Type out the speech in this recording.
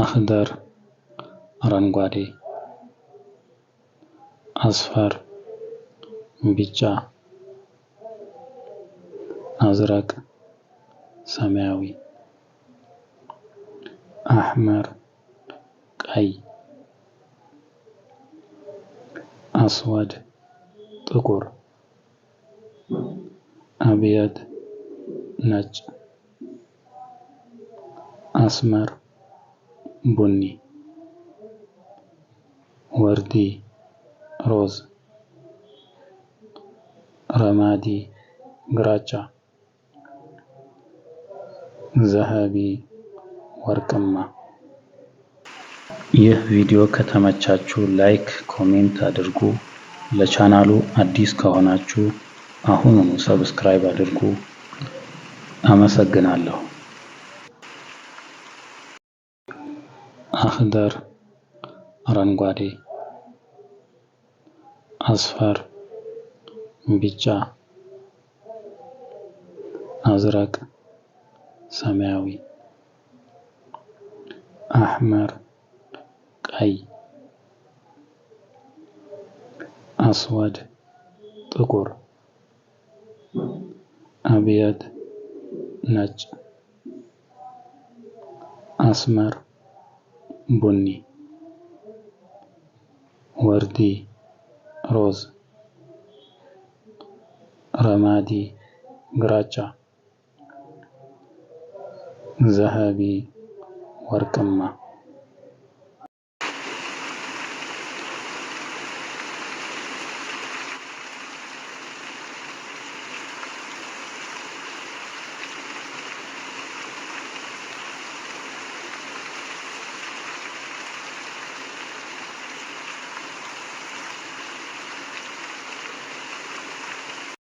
አህደር አረንጓዴ አስፈር ቢጫ አዝረቅ ሰማያዊ አህመር ቀይ አስወድ ጥቁር አብየድ ነጭ አስመር ቡኒ፣ ወርዲ ሮዝ፣ ረማዲ ግራጫ፣ ዘሃቢ ወርቅማ። ይህ ቪዲዮ ከተመቻችሁ ላይክ፣ ኮሜንት አድርጉ። ለቻናሉ አዲስ ከሆናችሁ አሁኑኑ ሰብስክራይብ አድርጉ። አመሰግናለሁ። አህደር አረንጓዴ፣ አስፈር ቢጫ፣ አዝረቅ ሰማያዊ፣ አህመር ቀይ፣ አስወድ ጥቁር፣ አብየድ ነጭ፣ አስመር بني وردي روز رمادي ግራጫ ذهبي ወርቅማ